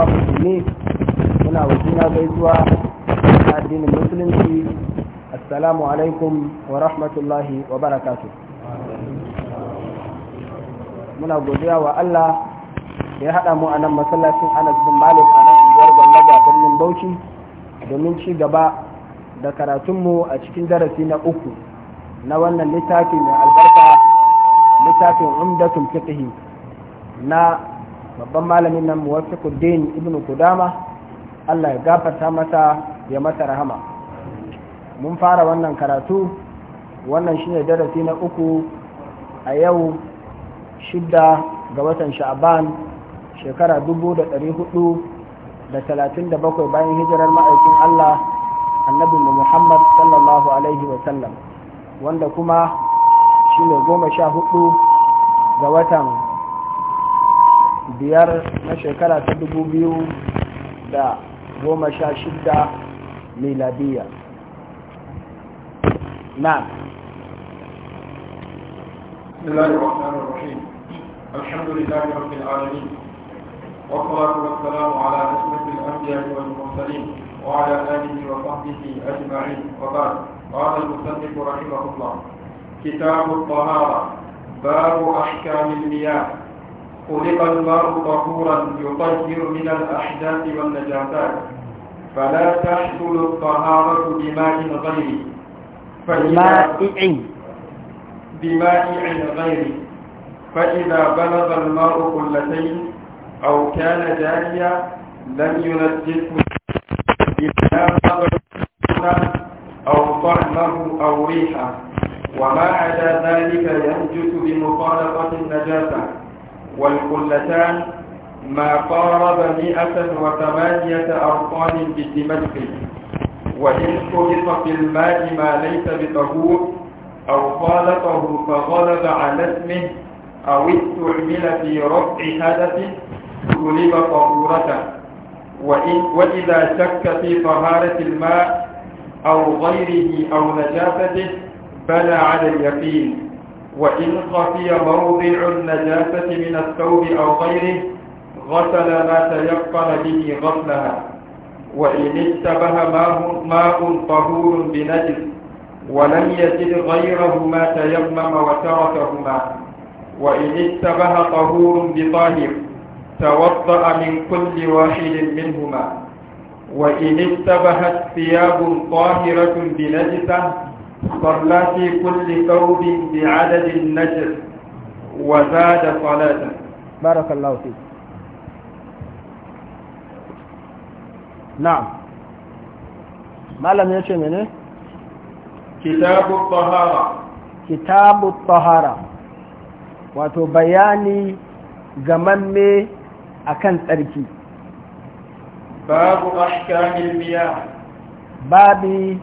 uwa musulmi muna wa juna gaisuwa na addinin musulunci assalamu alaikum wa rahmatullahi wa barakatu muna godiya wa Allah da ya haɗa mu a nan masallacin Anas bin Malik a nan unguwar Gwamnati a birnin Bauchi domin ci gaba da karatunmu a cikin darasi na uku na wannan littafi mai albarka littafin umdatun fiqhi na babban malamin nan muwaffiquddin ibnu kudama Allah ya gafarta masa ya masa rahama mun fara wannan karatu wannan shine darasi na uku a yau shidda ga watan sha'aban shekara dubu da ɗari hudu da talatin da bakwai bayan hijirar ma'aikin Allah annabi Muhammad sallallahu alaihi wa sallam wanda kuma shine goma sha hudu ga watan biyar na shekara ta dubu biyu da goma sha shida miladiya na بسم الله الرحمن الرحيم الحمد لله رب العالمين والصلاة والسلام على الأنبياء والمرسلين وعلى آله وصحبه أجمعين قال المصنف رحمه الله كتاب الطهارة باب أحكام المياه خلق الماء طهورا يطهر من الأحداث والنجاسات فلا تحصل الطهارة بماء غيره بماء عين غيري فإذا بلغ الماء قلتين أو كان جاريا لم ينجسه إلا أو طعمه أو ريحه وما عدا ذلك ينجس بمخالطة النجاسة والقلتان ما قارب مئة وثمانية أرطان بدمشق وإن خلط في الماء ما ليس بطهور أو خالطه فغلب على اسمه أو استعمل في رفع هدفه سلب طهورته وإن وإذا شك في طهارة الماء أو غيره أو نجاسته بنى على اليقين وإن خفي موضع النجاسة من الثوب أو غيره غسل ما تيقن به غسلها وإن اشتبه ماء طهور بنجس ولم يجد غيره ما تيمم وتركهما وإن اشتبه طهور بطاهر توضأ من كل واحد منهما وإن اشتبهت ثياب طاهرة بنجسة صلى في كل ثوب بعدد النجر وزاد صلاة بارك الله فيك نعم ما لم يشي منه كتاب الطهارة كتاب الطهارة wato bayani gamamme akan tsarki babu ahkamil miya babi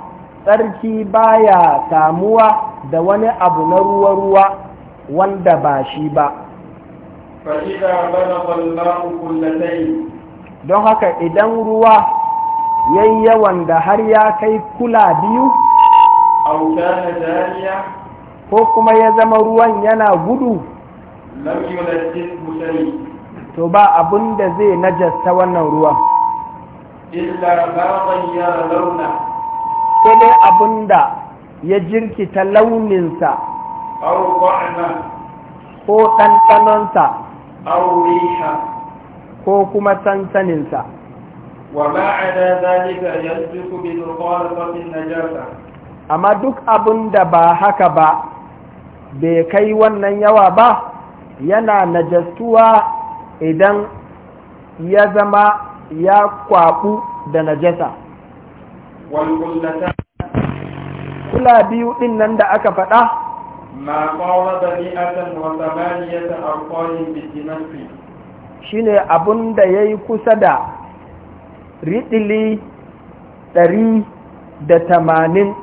tsarki baya samuwa da wani abu na ruwa-ruwa wanda ba shi ba bana don haka idan ruwa yayi yawan da har ya kai kula biyu ko kuma ya zama ruwan yana gudu to ba abun da zai najasta wannan ruwan illa ba ya launa sai dai abin da ya jirkita launinsa ko ɗanɗanonsa ko kuma sansaninsa amma duk abin da ba haka ba bai kai wannan yawa ba yana najastuwa idan ya zama ya kwaɓu da najasa kula biyu ɗin nan da aka faɗa ma ƙawar da ni asan wata maniyata a ƙoyin bikinansu shi ne abin da ya yi kusa da riɗili ɗari da tamanin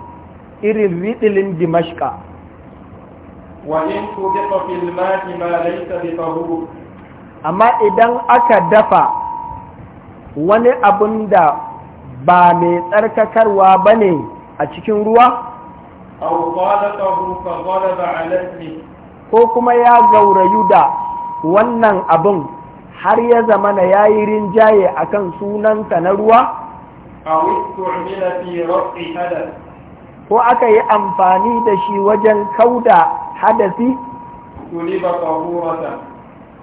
irin riɗilin dimashka wa'in ku dafa filmati ma laisa bi amma idan aka dafa wani abin da ba mai tsarkakarwa ba ne a cikin ruwa? ko kuma ya gaurayu da wannan abin har ya zama na ya yi rinjaye a kan sunanta na ruwa? ko aka yi amfani da shi wajen kauda hadasi?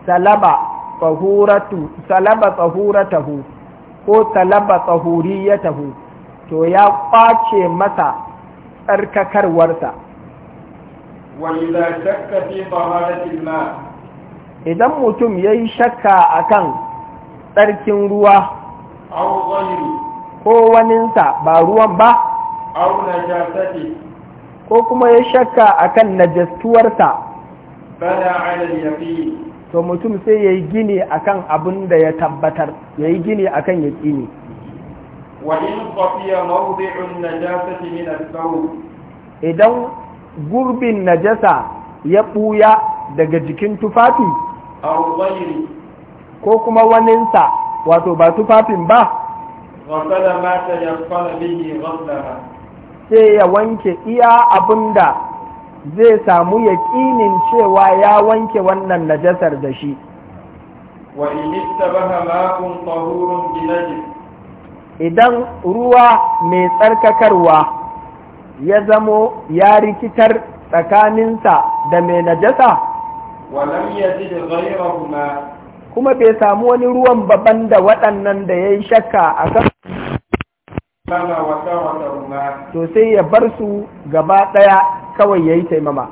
salaba fahuratu salaba fahuratahu ko talaba ya tsahuriyatahu to ya ƙwace masa tsarkakarwarsa wanda shakka fi taharatil ma idan mutum ya yi shakka a kan tsarkin ruwa ko waninsa ba ruwan ba ko kuma ya shakka a kan najastuwarsa bala ala yaqin to mutum sai ya yi gini akan abin da ya tabbatar ya yi gini kan ya ƙini idan gurbin najasa ya ɓuya daga jikin tufafi ko kuma waninsa wato ba tufafin ba sai ya wanke iya abin da zai samu yaƙinin cewa ya wanke wannan najasar da shi wa tahurun bi idan ruwa mai tsarkakarwa ya zamo ya rikitar tsakaninsa da mai najasa kuma bai samu wani ruwan baban da waɗannan da ya yi shakka a kan to sai ya bar su gaba ɗaya kawai yayi taimama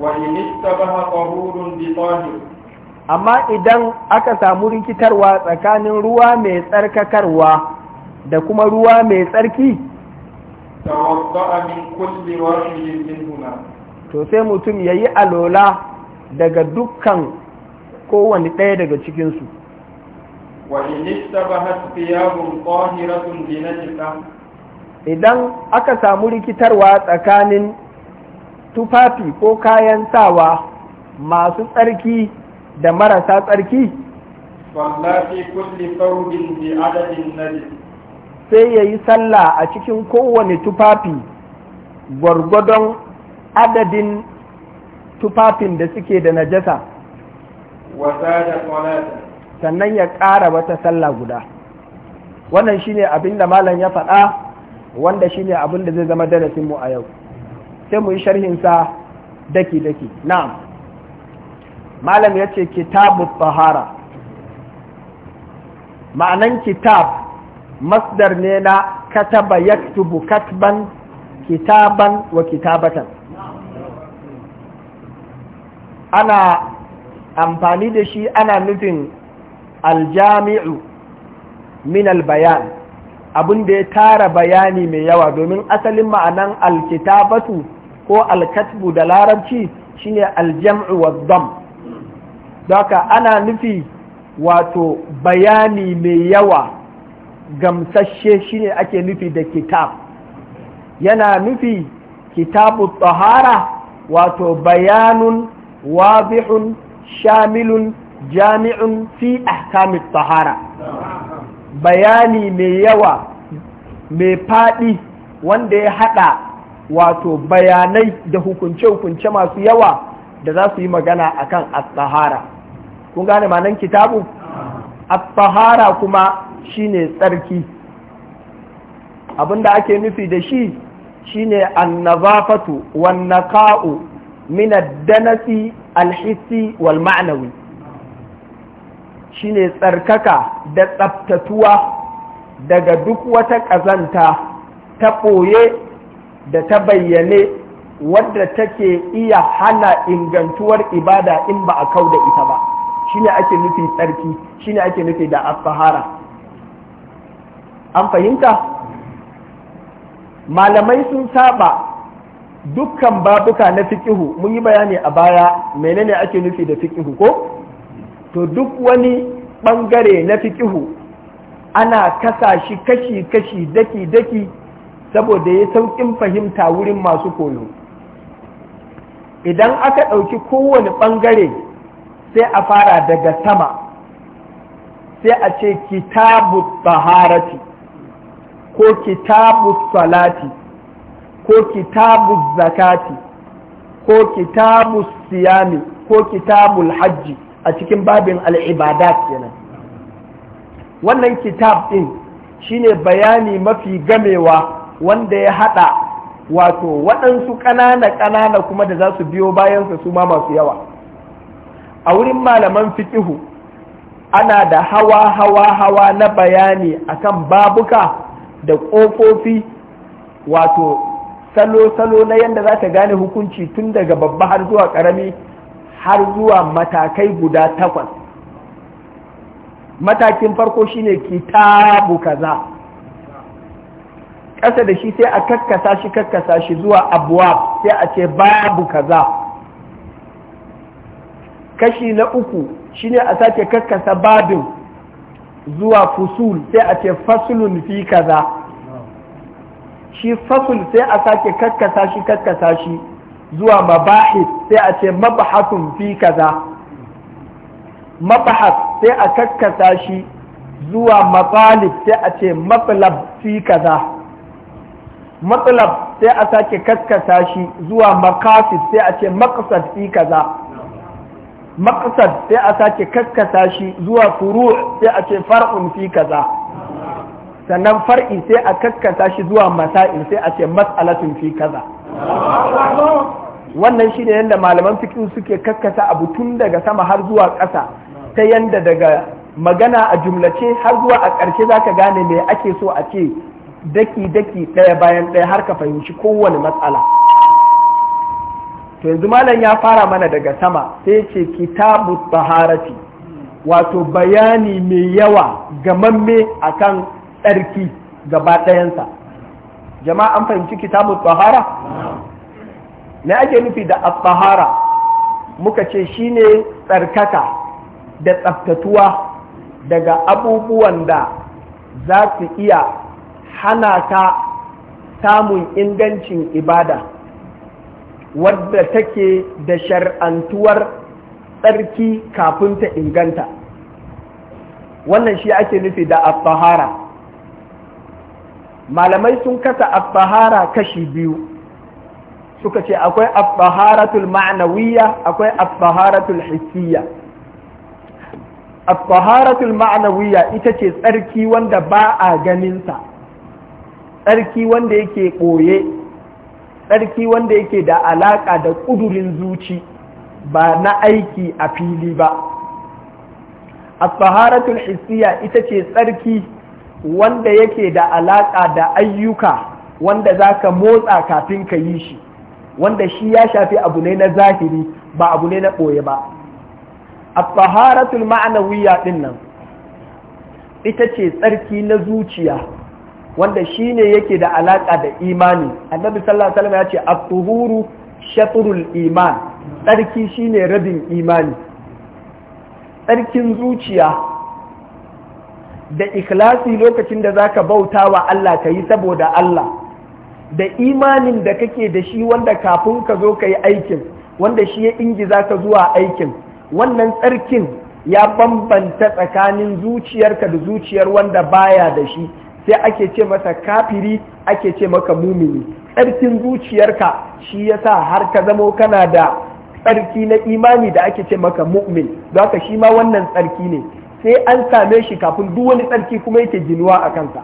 wa in istabaha tahurun bi tahir amma idan aka samu rikitarwa tsakanin ruwa mai tsarkakarwa da kuma ruwa mai tsarki to sai mutum ya yi alola daga dukkan kowane ɗaya daga cikinsu wa in istabahat thiyabun tahiratun bi najasa idan aka samu rikitarwa tsakanin tufafi ko kayan sawa masu tsarki da marasa tsarki sai ya yi sallah a cikin kowane tufafi gwargwadon adadin tufafin da suke da najasa sannan ya ƙara wata sallah guda wannan shine abin da malam ya faɗa wanda shi ne abin da zai zama darasin mu a yau sai mu yi sharhin sa daki daki na'am malam ya ce Kitabu tahara ma'anan kitab masdar ne na kataba tubu katban kitaban wa kitabatan ana amfani da shi ana nufin aljami'u min albayan abin da ya tara bayani mai yawa domin asalin ma'anan alkitabatu ko alkatbu da larabci shine aljam'u wa dam Daka ana nufi wato bayani mai yawa gamsashe shine ake nufi da kitab yana nufi kitabu tsahara wato bayanun wadihun shamilun jami'un fi ahkamit tsahara bayani mai yawa mai faɗi wanda ya haɗa wato bayanai da hukunce-hukunce masu yawa da za su yi magana a kan asfahara. kun gane manan kitabu attahara kuma kuma shine tsarki Abin da ake nufi da shi shine an wannaka'u minaddanasi naqau danasi al-hissi wal ma'anawi shine tsarkaka da tsaftatuwa daga duk wata ƙazanta ta ɓoye da ta bayyane wadda take iya hana ingantuwar ibada in ba a kau da ita ba shine ake nufi tsarki shine ake nufi da asfahara an fahimta malamai sun saba dukkan babuka na fikihu mun yi bayani a baya menene ake nufi da fikihu ko to duk wani ɓangare na fiƙihu ana kasa shi kashi-kashi daki-daki saboda ya sauƙin fahimta wurin masu koyo idan aka ɗauki kowane ɓangare sai a fara daga sama sai a ce kitabu taharati ko kitabu salati ko kitabu zakati ko kitabu siyami ko kitabu hajji a cikin babin al'ibadat kenan wannan kitab ɗin shine bayani mafi gamewa wanda ya haɗa wato waɗansu ƙanana-ƙanana kuma da za su biyo bayansa su ma masu yawa a wurin malaman fiƙihu ana da hawa-hawa-hawa na bayani a kan babuka da ƙofofi wato salo-salo na yadda za ta gane hukunci tun daga babba har zuwa ƙarami har zuwa matakai guda takwas matakin farko shine kitabu kaza ƙasa da shi sai a kakkasa shi kakkasa shi zuwa abuwa sai a ce babu kaza kashi na uku shine a sake kakkasa babin zuwa fusul sai a ce fasulun fi kaza shi fasul sai a sake kakkasa shi kakkasa shi zuwa mabahis sai a ce mabahasun fi kaza mabahas sai a kakkasa shi zuwa matsalib sai a ce matsalab fi kaza matsalab sai a sake kakkasa shi zuwa makasid sai a ce makasad fi kaza makasad sai a sake kakkasa shi zuwa furu sai a ce far'un fi kaza sannan far'i sai a kakkasa shi zuwa masa'il sai a ce mas'alatun fi kaza wannan shine yadda malaman fikin suke kakkasa abu tun daga sama har zuwa ƙasa ta yadda daga magana a jumlace har zuwa a ƙarshe zaka gane me ake so a ce daki daki ɗaya bayan ɗaya har ka fahimci kowane matsala to yanzu malam ya fara mana daga sama sai ce kitabu taharati wato bayani mai yawa ga gamamme akan tsarki gaba ɗayansa jama'a an fahimci kitabu tsahara me ake nufi da tsahara muka ce shine tsarkaka da tsaftatuwa daga abubuwan da za su iya hana ta samun ingancin ibada wadda take da shar'antuwar tsarki kafin ta inganta wannan shi ake nufi da tsahara malamai sun kasa abahara kashi biyu suka ce akwai abbaharatul ma'anawiyya akwai abbaharatul hisiyya abbaharatul ma'anawiyya ita ce tsarki wanda ba a ganinsa tsarki wanda yake ɓoye tsarki wanda yake da alaƙa da ƙudurin zuci ba na aiki a fili ba abbaharatul hissiyya ita ce tsarki wanda yake da alaƙa da ayyuka wanda za ka motsa kafin ka yi shi wanda shi ya shafi abu ne na zahiri ba abu ne na ɓoye ba a ma'ana ma'anawiyya ɗin nan ita ce tsarki na zuciya wanda shi ne yake da alaƙa da imani annabi sallallahu alaihi ya ce a tuhuru shatrul iman tsarki shine rabin imani tsarkin zuciya da ikhlasi lokacin da zaka bauta wa Allah ka yi saboda Allah da imanin da kake da shi wanda kafin ka zo ka yi aikin wanda shi ya ingi za ka zuwa aikin wannan tsarkin ya bambanta tsakanin zuciyarka da zuciyar wanda baya da shi sai ake ce masa kafiri ake ce maka mumini tsarkin zuciyarka shi yasa har ka zamo kana da tsarki na imani da ake ce maka mu'min zaka shi ma wannan tsarki ne sai an same shi kafin duk wani tsarki kuma yake ginuwa a kansa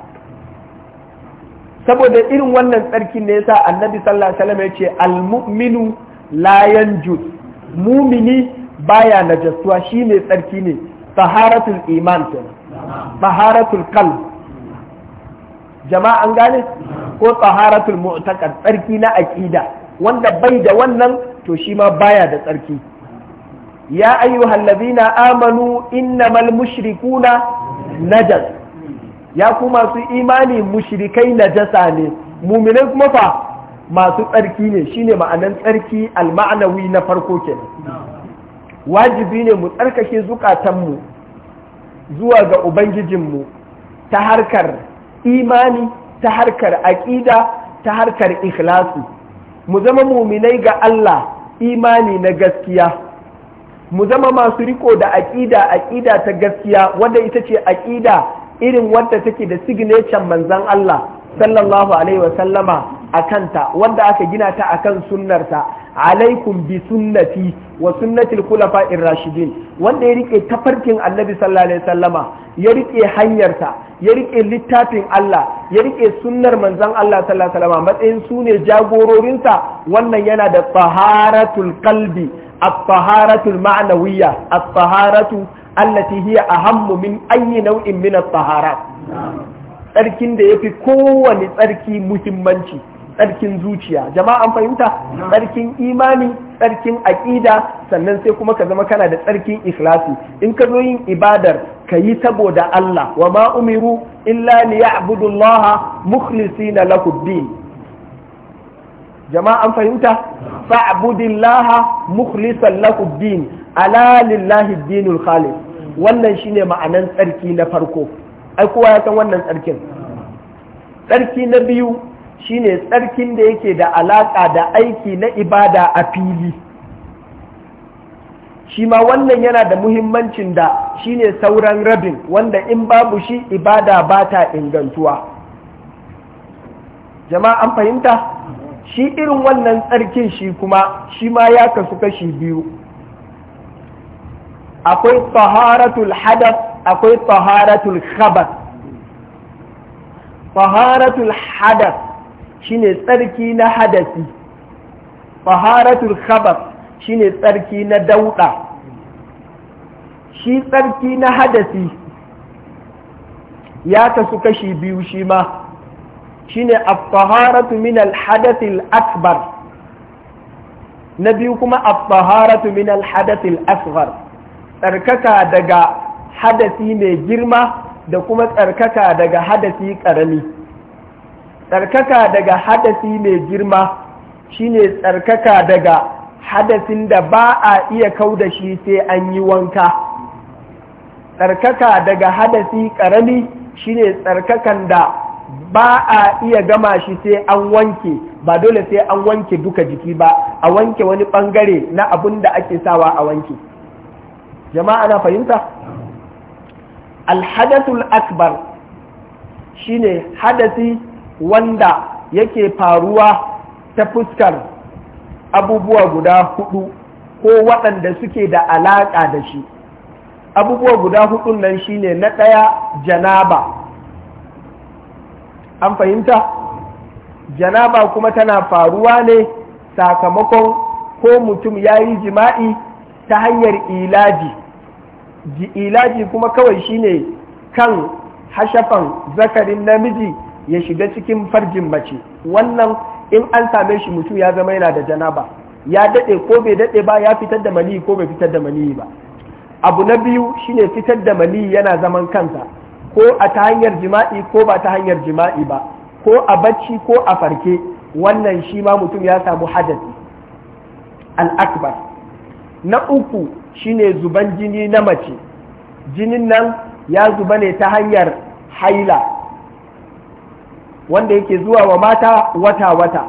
saboda irin wannan tsarki ne yasa annabi sallallahu alaihi wasallam ya ce almu'minu la yanjus mumini baya najasuwa shine tsarki ne taharatul iman taharatul qalb jama'a gane ko taharatul mu'taqad tsarki na aqida wanda bai da wannan to shi ma baya da tsarki ya ayyuhal ladina amanu innamal mushrikuna najas ya ku masu imani mushrikai najasa ne muminai kuma fa masu tsarki ne shine ma'anan tsarki alma'anawi na farko kenan wajibi ne mu tsarkake zukatanmu zuwa ga ubangijinmu ta harkar imani ta harkar aƙida ta harkar ikhlasi mu zama muminai ga Allah imani na gaskiya mu zama masu riko da aƙida aƙida ta gaskiya wanda ita ce aƙida irin wadda take da signature manzan Allah sallallahu alaihi wa sallama a kanta wanda aka gina ta akan sunnarta alaikum bi sunnati wa sunnatil khulafa'ir rashidin wanda ya rike tafarkin annabi sallallahu alaihi ya rike hanyarta ya rike littafin Allah ya rike sunnar manzan Allah sallallahu alaihi matsayin su ne jagororinsa wannan yana da taharatul qalbi at-taharatu al-ma'nawiyya at-taharatu allati hiya ahammu min nau'in min at tsarkin da yafi kowane tsarki muhimmanci tsarkin zuciya jama'a an fahimta tsarkin imani tsarkin aƙida sannan sai kuma ka zama kana da tsarkin ikhlasi in ka zo yin ibadar ka yi saboda Allah wa ma umiru illa liya'budu Allah mukhlisina na din jama'a an fahimta abudillaha mukhlisan lahu din ala lillahi dinul khalis wannan shine ma'anan tsarki na farko ai kowa ya san wannan tsarkin tsarki na biyu shine tsarkin da yake da alaka da aiki na ibada a fili shi ma wannan yana da muhimmancin da shine sauran rabin wanda in babu shi ibada ba ta ingantuwa jama'a an fahimta shi irin wannan tsarkin shi kuma shi ma ya kasu kashi biyu akwai taharatul hadath akwai taharatul khabath taharatul hadath shine tsarki na hadasi taharatul shine tsarki na dauda shi tsarki na hadasi ya kasu kashi biyu shi ma shine at-taharatu min al-hadath al-akbar na biyu kuma at-taharatu min al-hadath tsarkaka daga hadasi mai girma da kuma tsarkaka daga hadasi karami tsarkaka daga hadasi mai girma shine tsarkaka daga hadasin da ba a iya kau da shi sai an yi wanka tsarkaka daga hadasi karami shine tsarkakan da ba a iya gama shi sai an wanke ba dole sai an wanke duka jiki ba a wanke wani bangare na abun da ake sawa a wanke jama'a na fahimta alhadathul akbar shine hadasi wanda yake faruwa ta fuskar abubuwa guda hudu ko waɗanda suke da alaƙa da shi abubuwa guda hudun nan shine na ɗaya janaba an fahimta janaba kuma tana faruwa ne sakamakon ko mutum ya yi jima'i ta hanyar ilaji ji ilaji kuma kawai shine kan hashafan zakarin namiji ya shiga cikin farjin mace wannan in an same shi mutum ya zama yana da janaba ya daɗe ko bai daɗe ba ya fitar da maniyi ko bai fitar da maniyi ba abu na biyu shine fitar da maniyi yana zaman kansa ko a ta hanyar jima'i ko ba ta hanyar jima'i ba ko a bacci ko a farke wannan shi ma mutum ya samu hadasi al'akbar na uku shine zuban jini na mace jinin nan ya zuba ne ta hanyar haila wanda yake zuwa wa mata wata-wata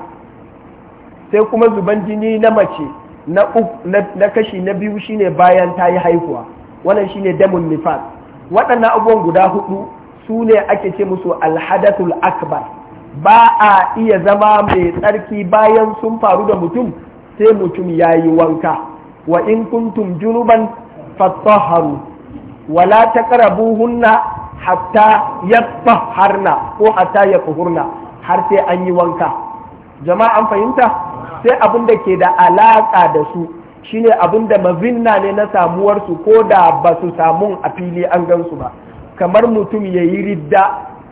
sai kuma zuban jini na mace na, kashi na biyu shine bayan ta yi haihuwa wannan shine damun nifas waɗannan abubuwan guda hudu su ne ake ce musu alhadathul akbar ba a iya zama mai tsarki bayan sun faru da mutum sai mutum ya yi wanka wa in kuntum junuban fattaharu wala taqrabuhunna hatta yattaharna ko hatta yakuhurna har sai an yi wanka jama'an fahimta sai abin da ke da alaka da su shine abin da mazinna ne na samuwarsu ko da ba su samun a fili an gansu ba kamar mutum ya yi ridda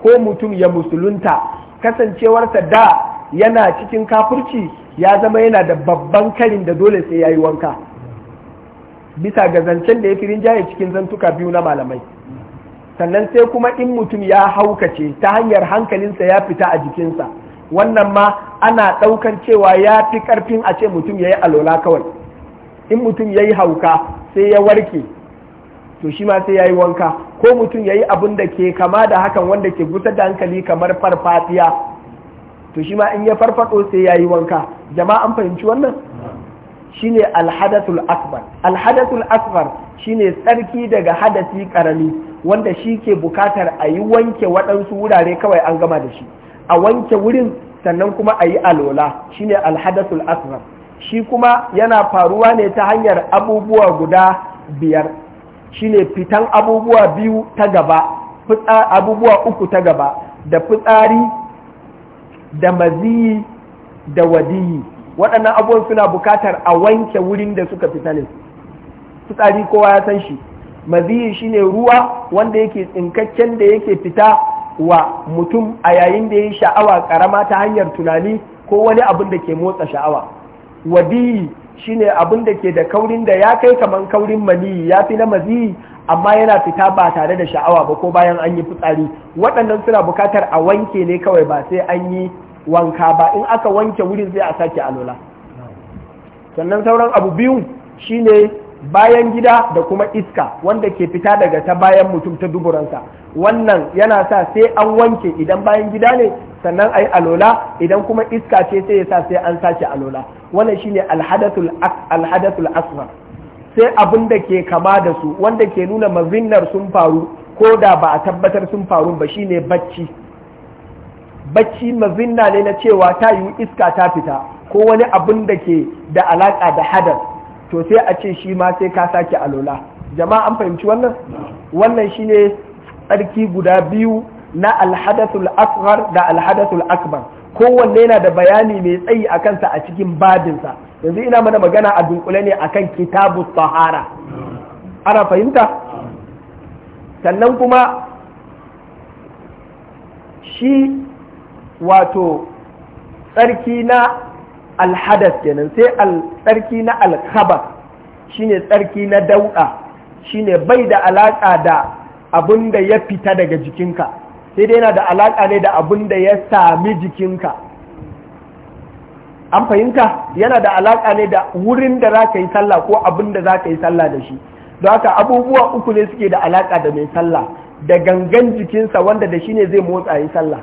ko mutum ya musulunta kasancewarsa da yana cikin kafurci ya zama yana da babban karin da dole sai ya yi wanka bisa ga zancen da ya fi rinjaye cikin zantuka biyu na malamai sannan sai kuma in mutum ya haukace ta hanyar hankalinsa ya fita a jikinsa wannan ma ana ɗaukar cewa ya fi ƙarfin a ce mutum ya yi alola kawai in mutum ya yi hauka sai ya warke to shi ma sai ya yi wanka ko mutum ya yi abin da ke kama da hakan wanda ke gusa da hankali kamar farfadiya to shi ma in ya farfado sai ya yi wanka jama'a an fahimci wannan shine alhadathul akbar alhadathul akbar shine tsarki daga hadasi karami wanda shi ke bukatar a yi wanke waɗansu wurare kawai an gama da shi a wanke wurin sannan kuma a yi alola shine alhadathul akbar shi kuma yana faruwa ne ta hanyar abubuwa guda biyar Shi ne fitan abubuwa biyu ta gaba abubuwa uku ta gaba da fitsari da maziyi da wadiyi waɗannan abubuwan suna bukatar a wanke wurin da suka fita ne fitsari kowa ya san shi maziyi shine ruwa wanda yake tsinkakken da yake fita wa mutum a yayin da ya yi sha'awa karama ta hanyar tunani ko wani abin da ke motsa sha'awa wadiyi shine abin da ke da kaurin da ya kai kaman kaurin maniyi ya fi na maziyi amma yana fita ba tare da sha'awa ba ko bayan an yi fitsari waɗannan suna buƙatar a wanke ne kawai ba sai an yi wanka ba in aka wanke wurin zai a sake alola sannan sauran abu biyu shine bayan gida da kuma iska wanda ke fita daga ta bayan mutum ta duburansa wannan yana sa sai an wanke idan bayan gida ne sannan ayi alola idan kuma iska ce sai yasa sai an sace alola wannan shine alhadathul alhadathul asghar sai abin da ke kama da su wanda ke nuna mazinnar sun faru ko da ba a tabbatar sun faru ba shine bacci bacci mazinna ne na cewa ta yiwu iska ta fita ko wani abin da ke da alaka da hadar to sai a ce shi ma sai ka sake alola jama'a an fahimci wannan wannan shine tsarki guda biyu na alhadathul asghar da alhadathul akbar kowanne yana da bayani mai tsayi a kansa a cikin babinsa yanzu ina mana magana a dunkule ne akan kitabu sahara ana fahimta sannan kuma shi wato tsarki na alhadas kenan sai tsarki na alkhabar shine tsarki na Dauda shine bai da alaƙa da abin da ya fita daga jikinka sai dai yana da alaƙa ne da abin da ya sami jikinka an fahimta yana da alaƙa ne da wurin da za ka yi sallah ko abin da za ka yi sallah da shi don haka abubuwa uku ne suke da alaƙa da mai sallah da gangan jikinsa wanda da shi ne zai motsa yi sallah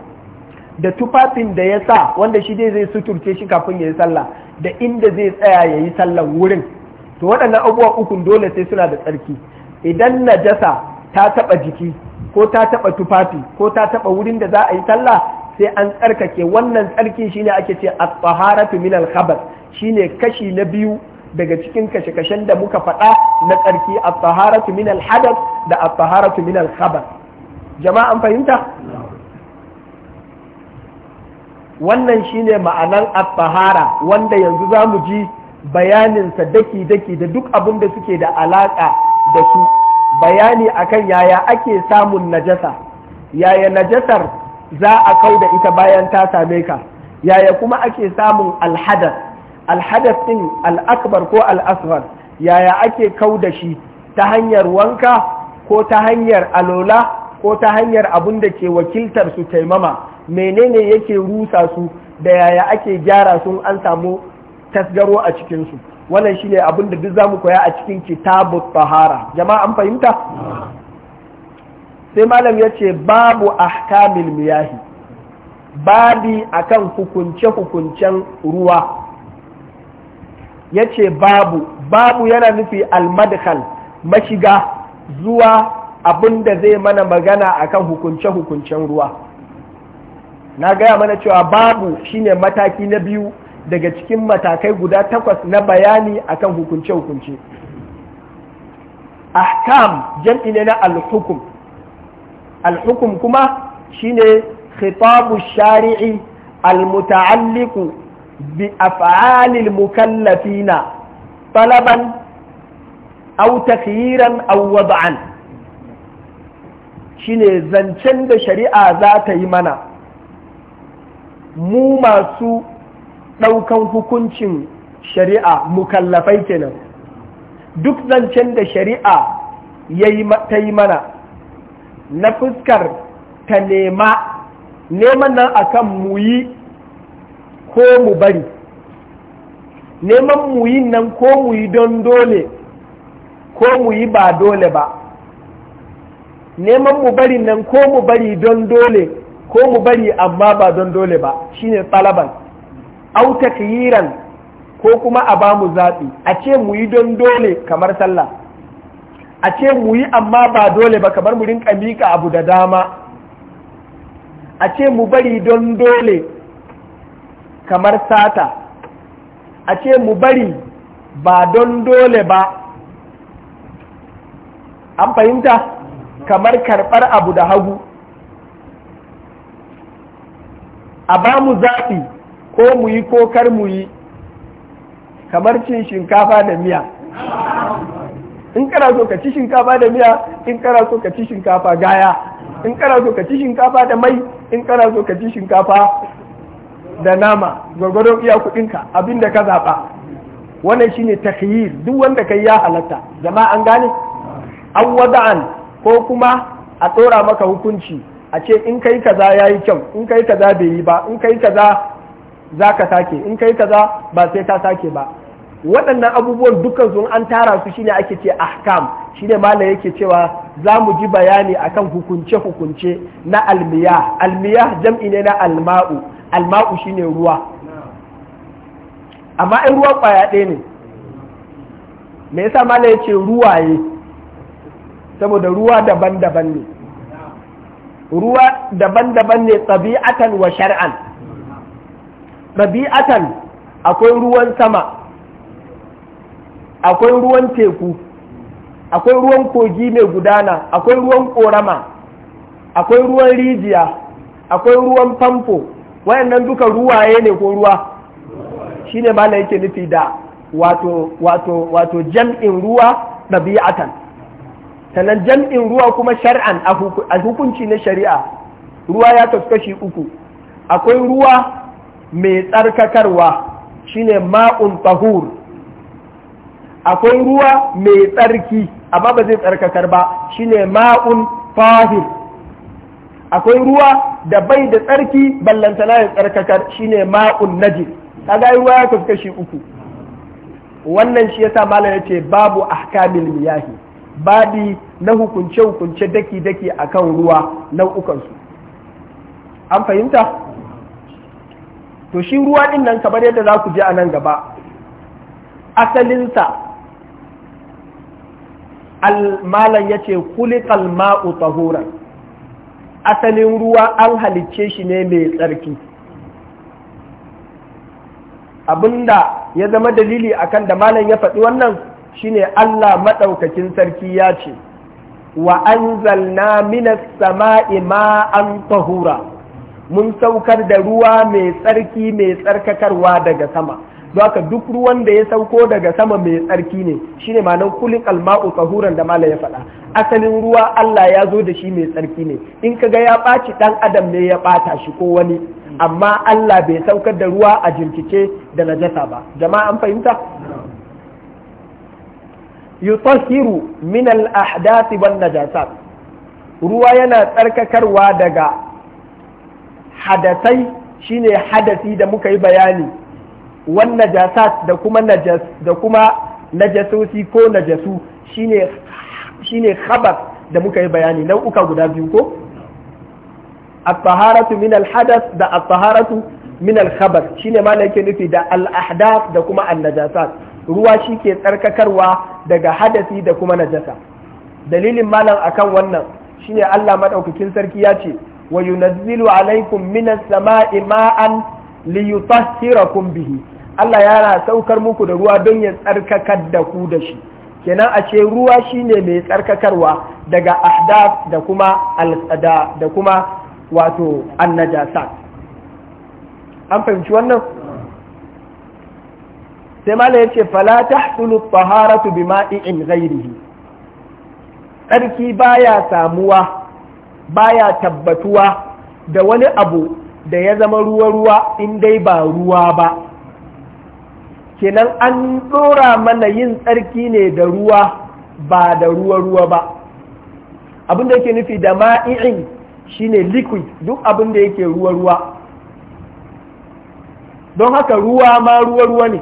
da tufafin da ya sa wanda shi dai zai suturce shi kafin ya yi sallah da inda zai tsaya ya yi sallah wurin to waɗannan abubuwa uku dole sai suna da tsarki idan najasa ta taɓa jiki ko ta taɓa tufafi ko ta taɓa wurin da za a yi sallah sai an tsarkake wannan tsarki shine ake ce at-taharatu min al shine kashi na biyu daga cikin kashe-kashen da muka faɗa na tsarki at-taharatu min al da at-taharatu min al jama'a an fahimta wannan shine ma'anan at wanda yanzu za mu ji bayaninsa daki-daki da duk abin da suke da alaƙa da su bayani akan yaya ake samun najasa yaya najasar za a kau da ita bayan ta same ka yaya kuma ake samun alhadas alhadas din al'akbar ko al'asfar yaya ake kau da shi ta hanyar wanka ko ta hanyar alola ko ta hanyar abin da ke wakiltar su taimama menene yake rusa su da yaya ake gyara sun an samu tasgaro a cikinsu wannan shine abin da duk zamu koya a cikin kitabu tahara jama'a an fahimta sai malam ya ce babu ahkamil miyahi babi akan hukunce-hukuncen ruwa ya ce babu babu yana nufi almadhal mashiga zuwa abin da zai mana magana akan hukunce-hukuncen ruwa na gaya mana cewa babu shine mataki na biyu daga cikin matakai guda takwas na bayani akan hukunce-hukunce ahkam jam'i ne na alhukum alhukum kuma shi shine khifabu shari'i almuta'alliqu bi af'alil mukallafina talaban aw au aw wad'an shine zancen da shari'a za ta yi mana mu masu ɗaukan hukuncin shari'a mukallafai kenan duk zancen da shari'a ta yi mana na fuskar ta nema neman nan akan mu yi ko mu bari neman mu yi nan ko mu yi don dole ko mu yi ba dole ba neman mu bari nan ko mu bari don dole ko mu bari amma ba don dole ba shine talaban auta kiran ko kuma a bamu zaɓi a ce mu yi don dole kamar sallah a ce mu yi amma ba dole ba kamar mu rinka miƙa abu da dama a ce mu bari don dole kamar sata a ce mu bari ba don dole ba an fahimta kamar karɓar abu da hagu a bamu zafi. zaɓi ko mu yi ko kar mu yi kamar cin shinkafa da miya in kana so ka ci shinkafa da miya in kana so ka ci shinkafa gaya in kana so ka ci shinkafa da mai in kana so ka ci shinkafa da nama gwargwadon iya kuɗinka abinda ka zaɓa wannan shine takhyir duk wanda kai ya halatta jama'a an gane an an, ko kuma a tsora maka hukunci a ce in kai kaza yayi kyau in kai kaza bai yi ba in kai kaza za ka sake in kai kaza ba sai ka sake ba waɗannan abubuwan dukkan sun an tara su shine ake ce ahkam shine malam yake cewa za mu ji bayani akan hukunce hukunce na almiya almiya jam'i ne na alma'u alma'u shine ruwa amma in ruwan kwaya ɗaya ne me yasa malam yace ruwaye saboda ruwa daban-daban ne ruwa daban-daban ne tabi'atan wa shar'an ɗabi'atan akwai ruwan sama akwai ruwan teku akwai ruwan kogi mai gudana akwai ruwan ƙorama akwai ruwan rijiya akwai ruwan famfo wayannan duka ruwaye ne ko ruwa shine ma yake nufi da wato wato wato jam'in ruwa ɗabi'atan sannan jam'in ruwa kuma shar'an a hukunci na shari'a ruwa ya kashi uku akwai ruwa mai tsarkakarwa shine ma'un tahur akwai ruwa mai tsarki amma ba zai tsarkakar ba shine ma'un fahir akwai ruwa da bai da tsarki ballantana ya tsarkakar shine ma'un najis kaga ruwa ya uku wannan shi yasa ya ce babu ahkamil miyahi babi na hukunce hukunce daki daki kan ruwa nau'ukan su an fahimta to shi ruwa ɗin nan kamar yadda za ku ji a nan gaba asalinsa malam ya ce kulikal ma'u tahuran asalin ruwa an halicce shi ne mai tsarki abinda ya zama dalili akan da malam ya faɗi wannan shine Allah maɗaukakin sarki ya ce wa anzalna minas sama'i ma'an tahura mun saukar da ruwa mai tsarki mai tsarkakarwa daga sama haka duk ruwan da ya sauko daga sama mai tsarki ne shine ma'anar kulin alma'u tsahuran da mala ya faɗa asalin ruwa Allah ya zo da shi mai tsarki ne in ka ga ya ɓaci ɗan adam ne ya ɓata shi ko wani amma Allah bai saukar da ruwa a jirkice da najasa ba jama'a an fahimta yutahhiru min al-ahdath wan najasat ruwa yana tsarkakarwa daga hadasai shine hadasi da muka yi bayani wan najasat da kuma najas da kuma najasosi ko najasu shine shine khabar da muka yi bayani nau'uka guda biyu ko at-taharatu min al-hadath da at-taharatu min al-khabar shine ma yake nufi da al-ahdath da kuma an-najasat ruwa shi ke tsarkakarwa daga hadasi da kuma najasa dalilin malam akan wannan shine Allah madaukakin sarki ya ce wa yunazzilu alaikum minas sama'i ma'an li yutahhirakum bihi Allah yana saukar muku da ruwa don ya tsarkakar da ku da shi kenan a ce ruwa shine mai tsarkakarwa daga ahdaf da kuma alqada da kuma wato annajasa an fahimci wannan sai ya ce fala tahsulu taharatu bima'in ghairihi tsarki baya samuwa baya tabbatuwa da wani abu da ya zama ruwa-ruwa in dai ba ruwa ba kenan an ɗora mana yin tsarki ne da ruwa ba da ruwa-ruwa ba abin da yake nufi da ma'i'in shine liquid duk abin da yake ruwa-ruwa don haka ruwa ma ruwa-ruwa ne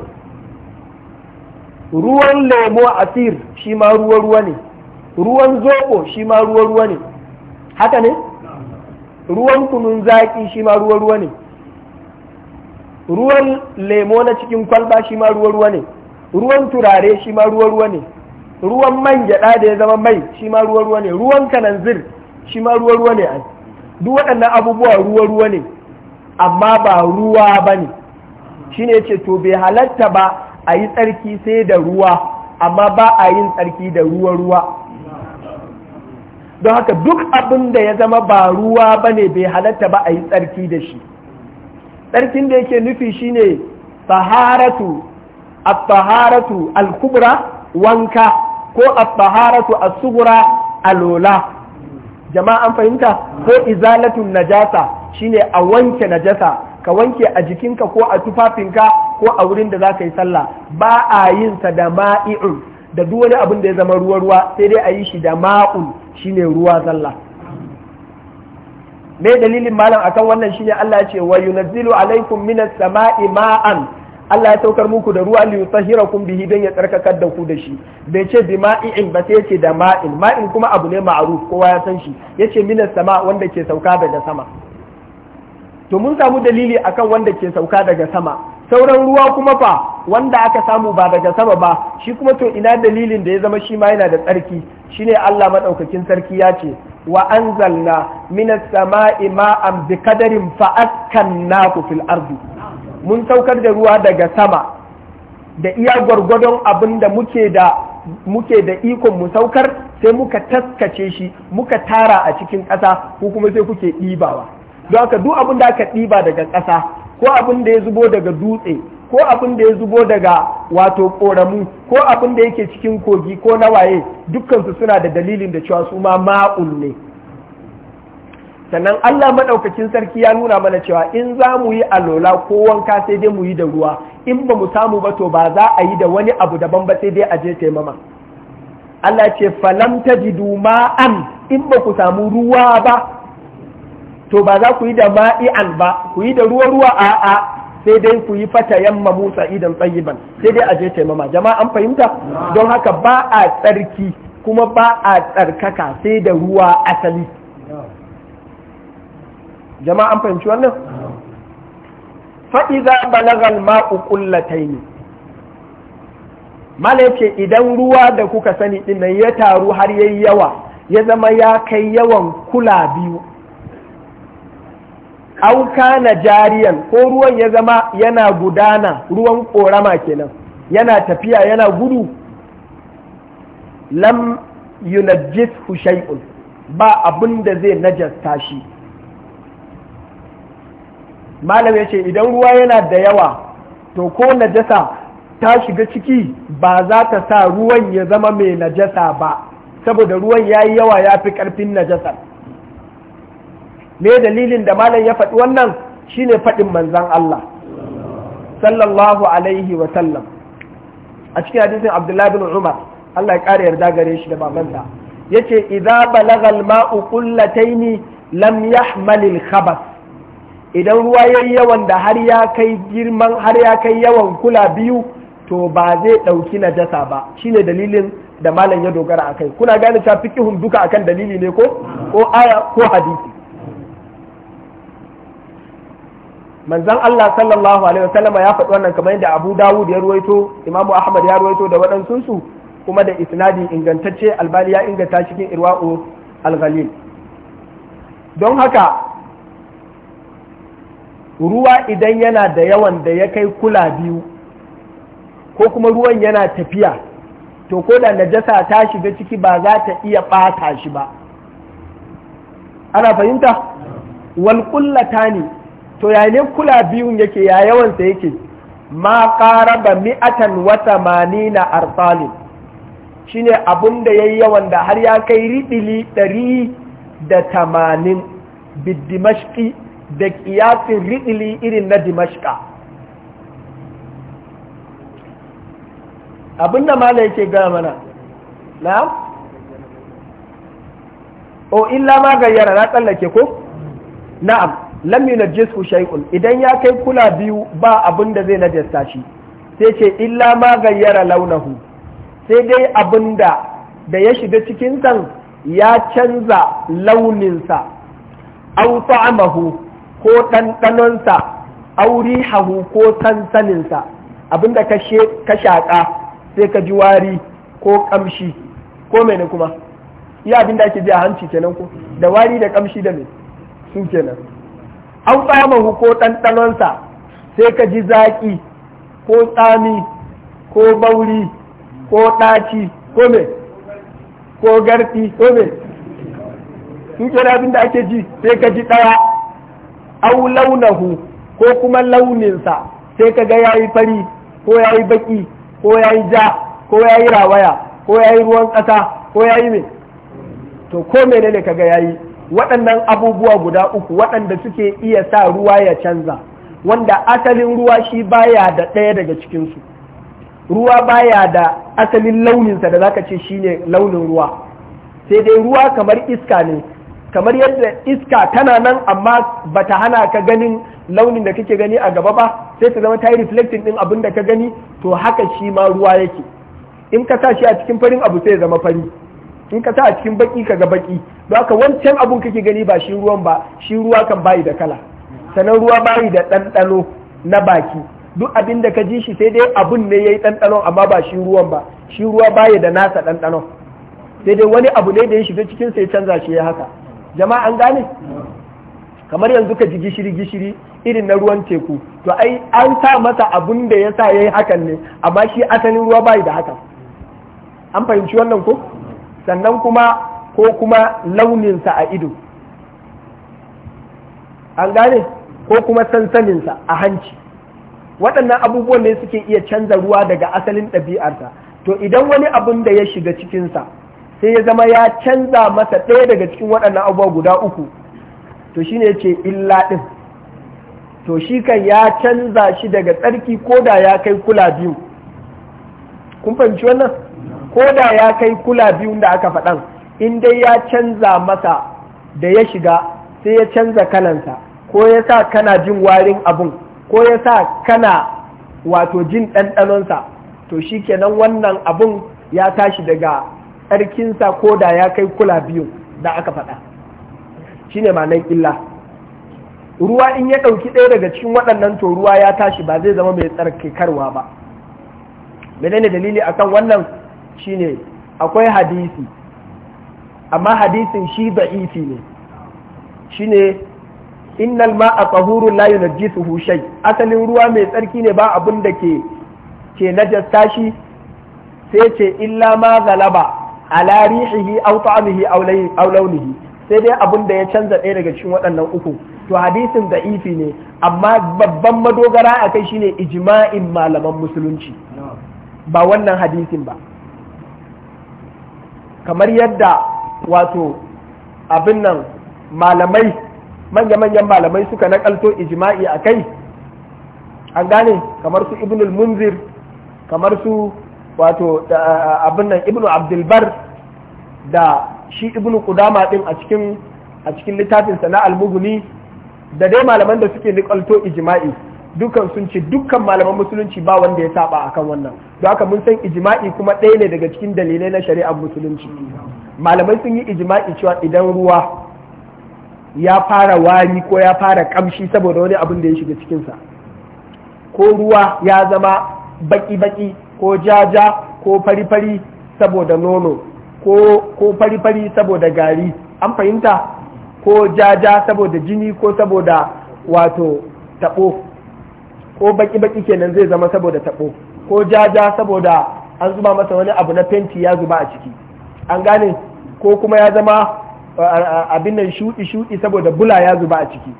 ruwan lemo asir shi ma ruwa-ruwa ne ruwan zobo shi ma ruwa-ruwa ne haka ne ruwan kunun zaƙi shi ma ruwa-ruwa ne ruwan lemo na cikin kwalba shi ma ruwa-ruwa ne ruwan turare shi ma ruwa-ruwa ne ruwan man gyaɗa da ya zama mai shi ma ruwa-ruwa ne ruwan kananzir shi ma ruwa-ruwa ne duk waɗannan abubuwa ruwa-ruwa ne amma ba ruwa ba ne shi ne ce to bai halatta ba a yi tsarki sai da ruwa amma ba a yin tsarki da ruwa-ruwa don haka duk abin da ya zama ba ruwa ba ne bai halatta ba a yi tsarki da shi tsarkin da yake nufi shi ne at a al alkubra wanka ko a a as-sughra alola jama'a an fahimta ko izalatun najasa shine a wanke najasa ka wanke a jikinka ko a tufafinka ko a wurin da za ka yi sallah ba a yin sa da ma'i'un da duk wani abin da ya zama ruwa ruwa sai dai a yi shi da ma'un shine ruwa zalla me dalilin malam akan wannan shine Allah ya ce wa yunazzilu alaikum minas sama'i ma'an Allah ya saukar muku da ruwa liyutahhirakum bihi dan ya tsarkakar da ku da shi bai ce bi ma'in ba sai yace da ma'in ma'in kuma abu ne ma'ruf kowa ya san shi yace minas sama wanda ke sauka daga sama to mun samu dalili akan wanda ke sauka daga sama sauran ruwa kuma fa wanda aka samu ba daga sama ba shi kuma to ina dalilin da ya zama shi ma yana da tsarki shine Allah madaukakin sarki ya ce wa anzalna minas sama'i ma'an bi kadarin fa askannahu fil ardi mun saukar da ruwa daga sama da iya gwargwadon abin da muke da ikon mu saukar sai muka taskace shi muka tara a cikin ƙasa ko kuma sai kuke ɗibawa don haka duk abin da aka ɗiba daga ƙasa ko abin da ya zubo daga dutse ko abin da ya zubo daga wato ƙoramu ko abin da yake cikin kogi ko na waye dukkansu suna da dalilin da cewa su ma ma'un ne sannan Allah maɗaukacin sarki ya nuna mana cewa in za mu yi alola ko wanka sai dai mu yi da ruwa in ba mu samu ba to ba za a yi da wani abu daban ba sai dai a je taimama Allah ce falam tajidu ma'an in ba ku samu ruwa ba to ba za ku yi da ma'i'an ba ku yi da ruwa ruwa a'a sai dai ku yi fata yamma musa idan tsayiban sai dai a je taimama jama'a an fahimta don haka ba a tsarki kuma ba a tsarkaka sai da ruwa asali jama'a an fahimci wannan fa'iza balagal ma'u kullataini mala idan ruwa da kuka sani din nan ya taru har yayi yawa ya zama ya kai yawan kula biyu auka kana jariyan ko ruwan ya zama yana gudana ruwan korama kenan yana tafiya yana gudu lam yunajjis shay'un ba abin da zai najasta shi malam ya ce idan ruwa yana da yawa to ko najasa ta shiga ciki ba za ta sa ruwan ya zama mai najasa ba saboda ruwan ya yi yawa ya fi ƙarfin najasar me dalilin da malam ya faɗi wannan shine faɗin manzan Allah sallallahu alaihi wa sallam a cikin hadisin Abdullahi bin Umar Allah ya ƙara yarda gare shi da babansa yace idza balagha al-ma'u lam yahmal al-khabath idan ruwa yayi yawan da har ya kai girman har ya kai yawan kula biyu to ba zai ɗauki najasa ba shine dalilin da malam ya dogara akai kuna gane ta fikihun duka akan dalili ne ko ko ko hadisi manzon Allah sallallahu alaihi wasallam ya faɗi wannan kamar yadda Abu Dawud ya ruwaito Imam Ahmad ya ruwaito da waɗansunsu su kuma da isnadi ingantacce albali ya inganta cikin irwa'u al-ghalil don haka ruwa idan yana da yawan da ya kai kula biyu ko kuma ruwan yana tafiya to ko da najasa ta shiga ciki ba za ta iya ɓata shi ba ana fahimta walƙullata ne to ya ne kula biyun yake ya yawansa yake ma ba mi'atan wa arsali shi shine abin da ya yi yawan da har ya kai riɗili ɗari da tamanin bidimashki da kiyasin riɗili irin na dimashka abin da mala yake gaya mana na? o illa ma gayyara na tsallake ko? na'am lam yunajjisu shay'un idan ya kai kula biyu ba abin da zai najasta shi sai ce illa ma gayyara launahu sai dai abin da da ya shiga cikin san ya canza launinsa au ta'amahu ko ɗanɗanonsa au rihahu ko sansaninsa abin da ka shaƙa sai ka ji wari ko ƙamshi ko mene kuma iya abin da ake ji a hanci kenan ko da wari da ƙamshi da me su kenan an tsamahu ko ɗanɗanonsa sai ka ji zaƙi ko tsami ko bauri ko ɗaci ko me ko garfi ko me in kira abin da ake ji sai ka ji ɗaya au launahu ko kuma launinsa sai ka ga ya yi fari ko ya yi baƙi ko ya yi ja ko ya yi rawaya ko ya yi ruwan ƙasa ko ya yi me to ko menene ka ga ya yi waɗannan abubuwa guda uku waɗanda suke iya sa ruwa ya canza wanda asalin ruwa shi baya da ɗaya daga cikinsu ruwa baya da asalin launinsa da zaka ce shine launin ruwa sai dai ruwa kamar iska ne kamar yadda iska tana nan amma ba ta hana ka ganin launin da kake gani a gaba ba sai ta zama ta yi reflecting din abin da ka gani to haka shi ma ruwa yake in ka sa shi a cikin farin abu sai ya zama fari in ka sa a cikin baki ka ga baki don haka wancan abun kake gani ba shi ruwan ba shi ruwa kan bayi da kala sannan ruwa bayi da ɗanɗano na baki duk abin da ka ji shi sai dai abun ne ya yi ɗanɗano amma ba shi ruwan ba shi ruwa bayi da nasa ɗanɗano? sai dai wani abu ne da ya shiga cikin sai canza shi ya haka jama'a an gane kamar yanzu ka ji gishiri gishiri irin na ruwan teku to ai an sa masa abun da ya sa ya yi hakan ne amma shi asalin ruwa bayi da haka an fahimci wannan ko sannan kuma ko kuma launinsa a ido an gane ko kuma sansaninsa a hanci waɗannan abubuwan ne suke iya canza ruwa daga asalin ɗabi'arsa to idan wani abin da ya shiga cikinsa sai ya zama ya canza masa ɗaya daga cikin waɗannan abubuwa guda uku to shi ne ce illa ɗin to shi kan ya canza shi daga tsarki ko da ya kai kula biyu kun fahimci wannan ko da ya kai kula biyun da aka faɗan in dai ya canza masa da ya shiga sai ya canza kalansa ko ya sa kana jin warin abun ko ya sa kana wato jin ɗanɗanonsa to shi kenan wannan abun ya tashi daga tsarkinsa ko da ya kai kula biyu da aka faɗa shi ne ma'anar illa ruwa in ya ɗauki ɗaya daga cikin waɗannan to ruwa ya tashi ba zai zama mai tsarkakarwa ba menene dalili akan wannan shine akwai hadisi amma hadisin shi da'ifi ne shine innal layu na ji su hushai. asalin ruwa mai tsarki ne ba abin da ke ke najasta shi sai ce illa ma galaba ala rihihi aw ta'amihi aw launihi sai dai abin da ya canza ɗaya daga cikin waɗannan uku to hadisin da'ifi ne amma babban madogara a akai shine ijima'in malaman musulunci ba wannan hadisin ba kamar yadda wato abin nan malamai manya-manyan malamai suka nakalto ijma'i a kai an gane kamar su ibnul munzir kamar su wato abin nan ibnu abdulbar da shi ibnu kudama din a cikin a cikin littafinsa na almuguni da dai malaman da suke nikalto ijma'i dukan sun ce dukkan malaman musulunci ba wanda ya saba akan wannan don haka mun san ijima'i kuma ɗaya ne daga cikin dalilai na shari'ar musulunci malamai sun yi ijima'i cewa idan ruwa ya fara wari ko ya fara ƙamshi saboda wani abin da ya shiga cikinsa ko ruwa ya zama baki-baki ko jaja ko fari-fari saboda nono ko fari-fari saboda gari an fahimta ko jaja saboda jini ko saboda wato tabo ko baki-baki kenan zai zama saboda taɓo ko jaja saboda an zuba masa wani abu na fenti ya zuba a ciki an gane ko kuma ya zama abin nan shuɗi shuɗi saboda bula ya zuba a ciki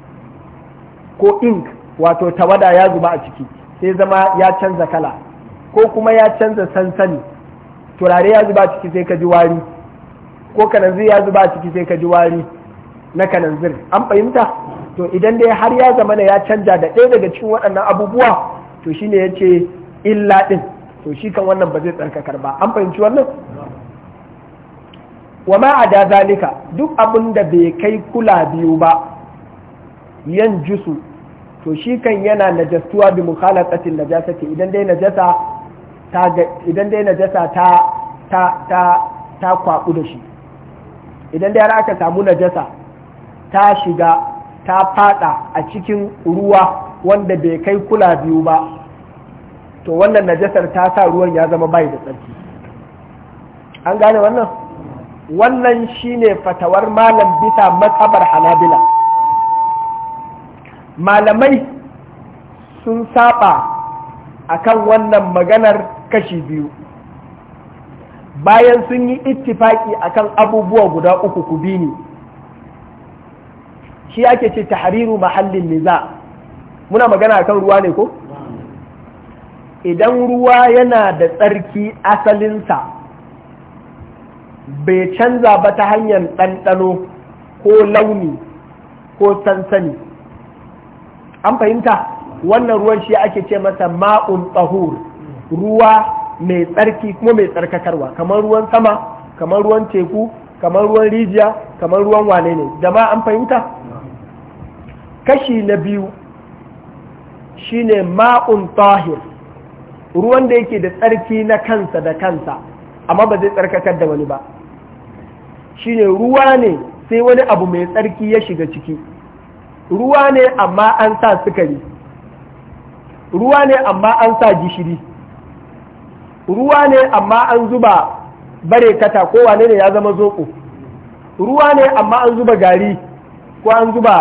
ko ink wato tawada ya zuba a ciki sai zama ya canza kala ko kuma ya canza sansani turare ya zuba a ciki sai ka ji wari ko kananzir ya zuba a ciki sai ka ji wari na kananzir an fahimta to idan dai har ya zama ya canja da ɗaya daga cikin waɗannan abubuwa to shine ya ce illa ɗin, to shi kan wannan ba zai tsarkakar ba an fahimci wannan wa ma a da zalika duk abin da bai kai kula biyu ba yan jusu to shi kan yana najasuwa bi mukhalatatin najasati idan dai najasa ta idan dai najasa ta ta ta ta kwaku da shi idan dai aka samu najasa ta shiga ta fada a cikin ruwa wanda bai kai kula biyu ba to wannan najasar ta sa ruwan ya zama bai da tsarki an gane wannan wannan shine fatawar malam bisa matsabar hanabila malamai sun saba akan wannan maganar kashi biyu bayan sun yi ittifaki akan abubuwa guda uku ku ne shi ake ce Hariru mahallin niza muna magana akan ruwa ne ko idan ruwa yana da tsarki asalinsa bai canza ba ta hanyar ɗanɗano ko launi ko sansani an fahimta wannan ruwan shi ake ce masa ma'un tsahur ruwa mai tsarki kuma mai tsarkakarwa kamar ruwan sama kamar ruwan teku kamar ruwan rijiya kamar ruwan wane ne ma an fahimta kashi na biyu shine ma'un tahir ruwan da yake da tsarki na kansa da kansa amma ba zai tsarkakar da wani ba Shi ne ruwa ne sai wani abu mai tsarki ya shiga ciki ruwa ne amma an sa sukari ruwa ne amma an sa gishiri ruwa ne amma an zuba bare kata ko wane ne ya zama zoko ruwa ne amma an zuba gari ko an zuba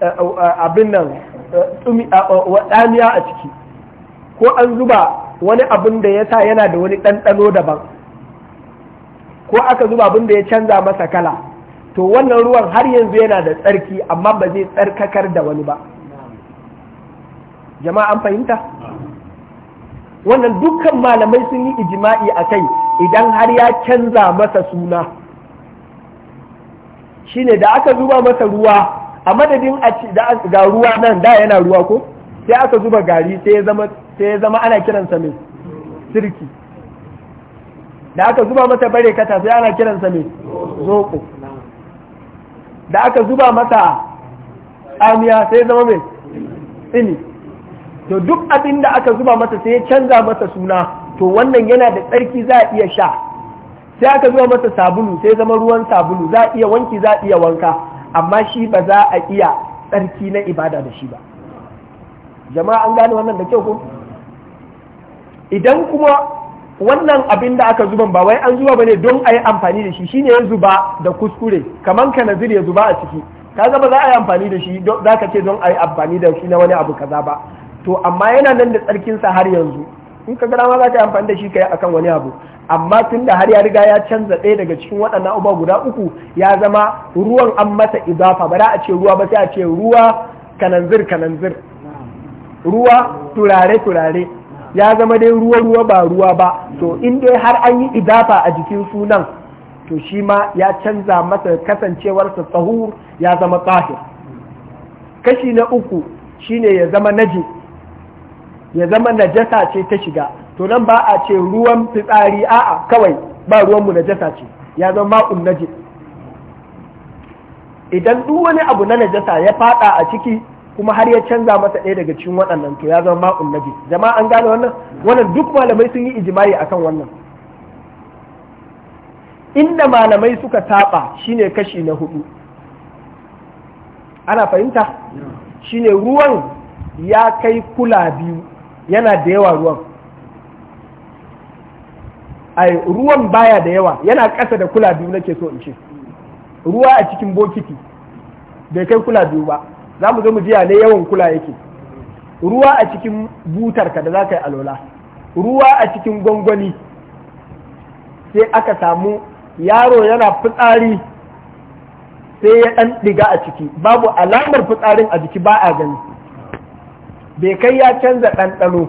eh, eh, eh, abin nan ɗamiya a ciki ko an zuba wani abin da ya sa yana da wani ɗanɗano daban ko aka zuba abin da ya canza masa kala to wannan ruwan har yanzu yana da tsarki amma ba zai tsarkakar da wani ba jama'a an fahimta wannan dukkan malamai sun yi ijima'i a kai idan har ya canza masa suna shine da aka zuba masa ruwa a madadin ga ruwa nan da yana ruwa ko sai aka zuba gari sai ya zama sai ya zama ana kiransa mai sirki da aka zuba mata bare kata sai ana kiransa mai zoko da aka zuba mata amiya sai zama mai ini to duk abin da aka zuba mata sai ya canza mata suna to wannan yana da tsarki za a iya sha sai aka zuba mata sabulu sai zama ruwan sabulu za a iya wanki za a iya wanka amma shi ba za a iya tsarki na ibada da shi ba jama'a an gane wannan da kyau ko idan kuma wannan abin da aka zuban ba wai an zuba bane don a yi amfani da shi ne ya zuba da kuskure Kamar ka nazir ya zuba a ciki ka zaba za a yi amfani da shi za ka ce don a yi amfani da shi na wani abu kaza ba to amma yana nan da tsarkinsa har yanzu in ka gara ma za ka yi amfani da shi ka yi akan wani abu amma tun da har ya riga ya canza ɗaya daga cikin waɗannan uba guda uku ya zama ruwan an masa idafa ba za a ce ruwa ba sai a ce ruwa kananzir kananzir ruwa turare turare ya zama dai ruwa ruwa ba ruwa ba to in dai har an yi idafa a jikin sunan to shi ma ya canza masa kasancewarsa tsahur ya zama tsahir kashi na uku shine ya zama naji ya zama najasa ce ta shiga to nan ba a ce ruwan fitsari a'a kawai ba ruwanmu najasa ce ya zama ma'un najis idan duk wani abu na najasa ya fada a ciki kuma har ya canza masa ɗaya daga cikin waɗannan to ya zama ma'un nabi jama'a an gane wannan wannan duk malamai sun yi a kan wannan inda malamai suka taɓa shine kashi na hudu ana fahimta shine ruwan ya kai kula biyu yana da yawa ruwan ai ruwan baya da yawa yana ƙasa da kula biyu nake so in ce ruwa a cikin bokiti bai kai kula biyu ba za mu zo mu jiya ne yawan kula yake ruwa a cikin butarka da za ka yi alola ruwa a cikin gwangwani sai aka samu yaro yana fitsari sai ya ɗan ɗiga a ciki babu alamar fitsarin a jiki ba a gani bai kai ya canza ɗanɗano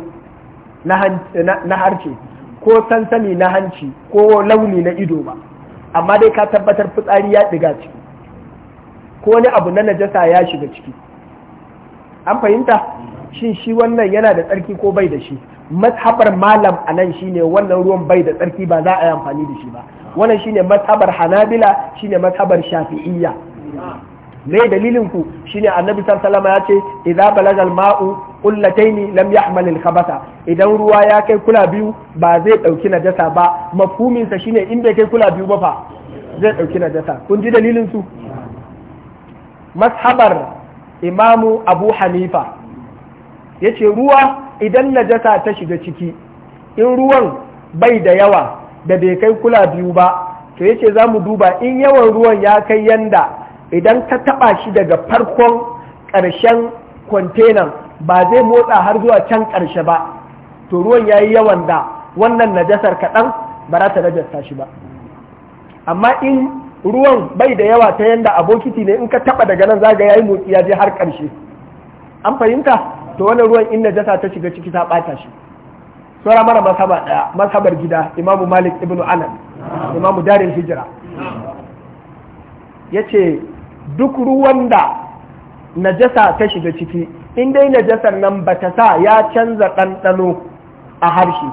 na harce ko sansani na hanci ko launi na ido ba amma dai ka tabbatar fitsari ya ɗiga ciki ko wani abu na najasa ya shiga ciki an fahimta shin shi wannan yana da tsarki ko bai da shi mazhabar malam a nan shine wannan ruwan bai da tsarki ba za a yi amfani da shi ba wannan shine mazhabar hanabila shine mazhabar shafi'iyya me dalilin ku shine annabi sallallahu ya ce Iza balaga al-ma'u qullataini lam yahmal al idan ruwa ya kai kula biyu ba zai dauki najasa ba mafhumin sa shine in bai kai kula biyu ba fa zai dauki najasa kun ji dalilin su mashabar imamu abu hanifa ya ce ruwa idan najasa ta shiga ciki in ruwan bai da yawa da bai kai kula biyu ba to ya ce za mu duba in yawan ruwan ya kai yanda idan ka taba shi daga farkon ƙarshen kwantenan ba zai motsa har zuwa can ƙarshe ba to ruwan ya yi yawan da wannan najasar kaɗan ba za ta najasta shi ba amma in ruwan bai da yawa ta yanda abokiti ne in ka taba daga nan zaga yayi motsi ya je har karshe an fahimta to wannan ruwan in najasa ta shiga ciki ta bata shi sura mara masaba daya masabar gida imamu malik ibnu anan imamu darin hijira yace duk ruwan da najasa ta shiga ciki in dai najasar nan ba ta sa ya canza ɗanɗano a harshe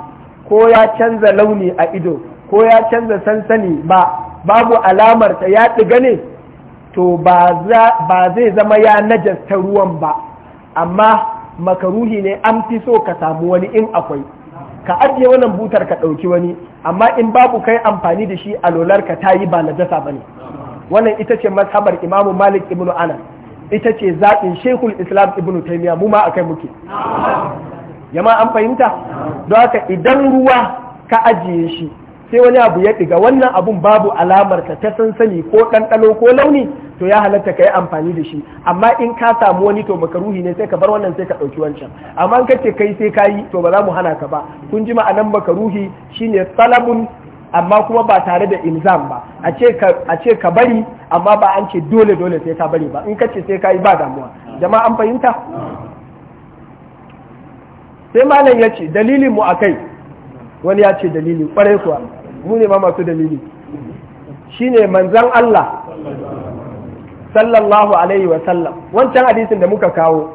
ko ya canza launi a ido ko ya canza sansani ba babu alamar ta ya ɗiga ne to ba zai zama ya najasta ruwan ba amma makaruhi ne an fi so ka samu wani in akwai ka ajiye wannan butar ka ɗauki wani amma in babu kai amfani da shi lolar ka ta yi ba najasa ba ne wannan ita ce mas'amar imamu malik ibnu anas ita ce zaɓin shekul islam ibnu taimiya mu ma a kai muke yama an fahimta don haka idan ruwa ka ajiye shi sai wani abu ya ɗiga wannan abun babu alamar ka ta sansani ko ɗanɗano ko launi to ya halatta ka yi amfani da shi amma in ka samu wani to makaruhi ne sai ka bar wannan sai ka ɗauki wancan amma in ka ce kai sai ka yi to ba za mu hana ka ba kun ji ma'anan makaruhi shine salamun amma kuma ba tare da inzam ba a ce ka bari amma ba an ce dole dole sai ka bari ba in ka ce sai ka yi ba damuwa jama'a an fahimta sai malam ya ce dalilin mu akai wani ya ce dalili kwarai kuwa mu ne ma masu dalili Shi ne, manzan Allah sallallahu alaihi wa sallam wancan hadisin da muka kawo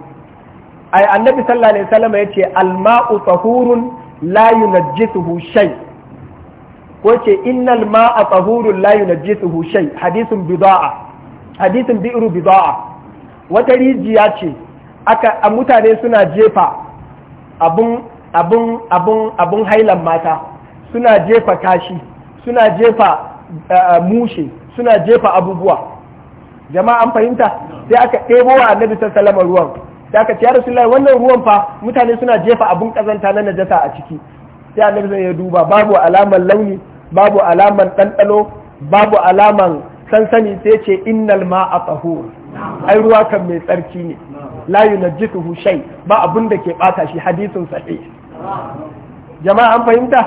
ai annabi sallallahu alaihi wasallam ce alma'u tahurun la yunajjisuhu shay ko ce innal ma'a tahurun la yunajjisuhu shay hadisin bida'a hadisin bi'ru bida'a wata rijiya ce aka mutane suna jefa abun abun hailan mata suna jefa kashi suna jefa eh, eh, mushe suna jefa abubuwa jama'a an fahimta sai aka ɗebo wa annabi sallallahu ruwan sai aka ce ya lai wannan ruwan fa mutane suna jefa abun ƙazanta na najasa a ciki sai annabi zai ya duba babu alaman launi babu alaman ɗanɗano babu alaman sansani sai ce innal ma a tsaho. ai ruwa kan mai tsarki ne la yunajjituhu shay ba abun da ke bata shi hadisin sahih jama'a an fahimta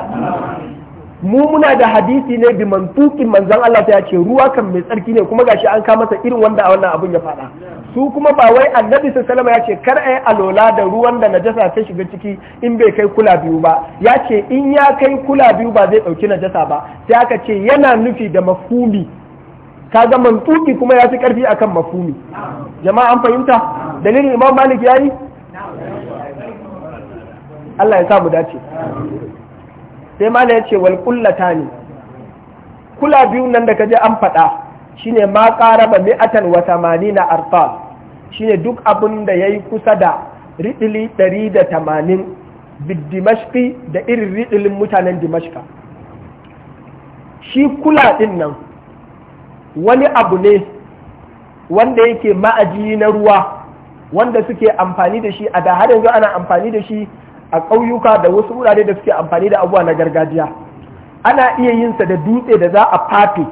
mu muna da hadisi ne bi mantukin manzon Allah ta ce ruwa kan mai tsarki ne kuma gashi an ka masa irin wanda a wannan abun ya faɗa su kuma ba wai annabi sallallahu ya ce kar yi alola da ruwan da najasa ta shiga ciki in bai kai kula biyu ba ya ce in ya kai kula biyu ba zai dauki najasa ba sai aka ce yana nufi da mafumi kaga mantuki kuma ya fi karfi akan mafumi jama'a an fahimta dalilin imam malik yayi Allah ya sa mu dace sai mala ya ce wal kullata ne kula biyu nan da kaje an faɗa shine ma ba mi'atan wa arfa shi shine duk abin da yi kusa da riɗili ɗari da tamanin dimashqi da irin riɗilin mutanen dimashka shi kula ɗin nan wani abu ne wanda yake ma'aji na ruwa wanda suke amfani da shi a da har yanzu ana amfani da shi a ƙauyuka da wasu wurare da suke amfani da abuwa na gargajiya ana iya yinsa da dutse da za a fafe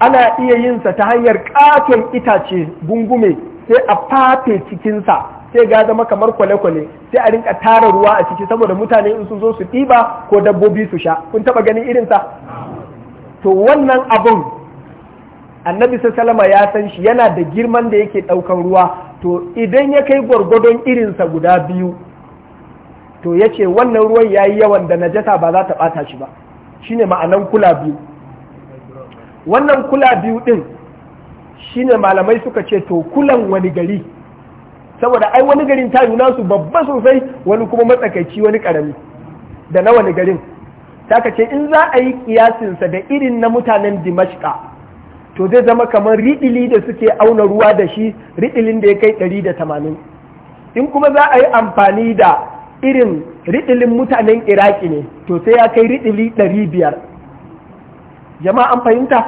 ana iya yinsa ta hanyar ƙaton itace gungume sai a fafe cikinsa sai ga zama kamar kwale-kwale sai a rinka tara ruwa a ciki saboda mutane in sun zo su ɗiba ko dabbobi su sha kun taɓa ganin irinsa to wannan abun annabi sallama ya san shi yana da girman da yake ɗaukan ruwa to idan ya kai gwargwadon irinsa guda biyu to ya ce wannan ruwan ya yi yawan da najasa ba za ta ɓata shi ba shine ma'anan kula biyu wannan kula biyu din shine malamai suka ce to kulan wani gari saboda ai wani garin ta su babba sosai wani kuma matsakaici wani karami da na wani garin ta ce in za a yi kiyasinsa da irin na mutanen dimashka to zai zama kamar riɗili da suke auna ruwa da shi riɗilin da ya kai ɗari da tamanin in kuma za a yi amfani da irin riɗilin mutanen iraki ne to sai ya kai riɗili ɗari biyar jama'a an fahimta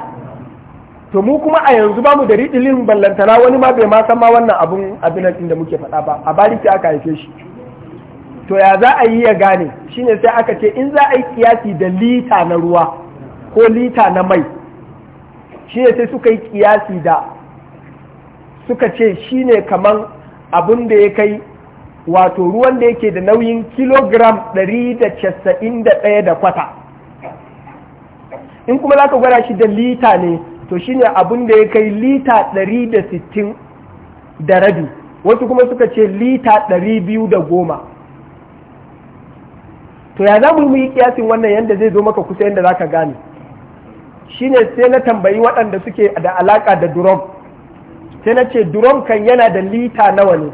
to mu kuma a yanzu ba mu da riɗilin ballantana wani ma bai ma san ma wannan abun abin da muke faɗa ba a bariki aka haife shi to ya za a yi ya gane shine sai aka ce in za a yi kiyasi da lita na ruwa ko lita na mai shi ne sai suka yi kiyasi da suka ce shi ne kaman abin da ya kai wato ruwan da yake da nauyin kilogram 191 da kwata in kuma za ka gwada shi da lita ne to shine abin da ya kai lita 160 da rabi wasu kuma suka ce lita 210 to ya za mu yi kiyasin wannan yadda zai zo maka kusa yadda za ka gane shine sai na tambayi waɗanda suke da alaƙa da durom sai na ce durom kan yana da lita nawa ne